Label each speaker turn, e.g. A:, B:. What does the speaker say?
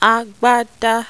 A: agbádá